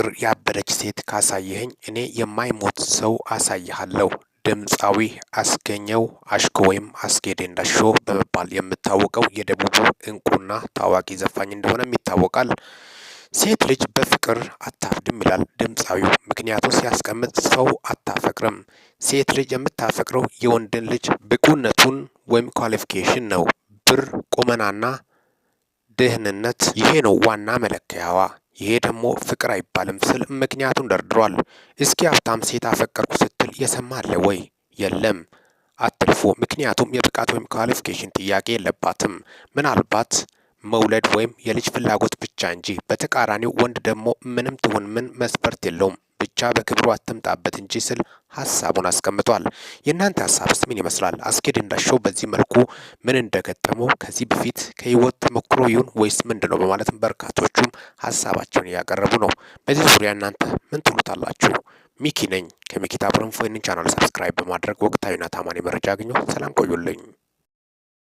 ፍቅር ያበደች ሴት ካሳየኸኝ እኔ የማይሞት ሰው አሳይሃለሁ። ድምፃዊ አስገኘው አሽኮ ወይም አስጌዴ እንዳሾ በመባል የምታወቀው የደቡቡ እንቁና ታዋቂ ዘፋኝ እንደሆነም ይታወቃል። ሴት ልጅ በፍቅር አታፍድም ይላል ድምፃዊው። ምክንያቱ ሲያስቀምጥ ሰው አታፈቅርም። ሴት ልጅ የምታፈቅረው የወንድን ልጅ ብቁነቱን ወይም ኳሊፊኬሽን ነው። ብር፣ ቁመናና ደህንነት ይሄ ነው ዋና መለከያዋ። ይሄ ደግሞ ፍቅር አይባልም ስል ምክንያቱን ደርድሯል። እስኪ ሀብታም ሴት አፈቀርኩ ስትል የሰማ አለ ወይ? የለም አትልፎ ምክንያቱም የብቃት ወይም ኳሊፊኬሽን ጥያቄ የለባትም። ምናልባት መውለድ ወይም የልጅ ፍላጎት ብቻ እንጂ በተቃራኒው ወንድ ደግሞ ምንም ትሁን ምን መስፈርት የለውም። ብቻ በክብሩ አትምጣበት እንጂ ስል ሀሳቡን አስቀምጧል። የእናንተ ሀሳብስ ምን ይመስላል? አስጌድ እንዳሸው በዚህ መልኩ ምን እንደገጠመው ከዚህ በፊት ከህይወት ተሞክሮ ይሁን ወይስ ምንድን ነው በማለትም በርካቶቹም ሀሳባቸውን እያቀረቡ ነው። በዚህ ዙሪያ እናንተ ምን ትሉታላችሁ? ሚኪ ነኝ ከሚኪታ ብረንፎ። ይህንን ቻናል ሰብስክራይብ በማድረግ ወቅታዊና ታማኝ መረጃ አግኘው። ሰላም ቆዩልኝ።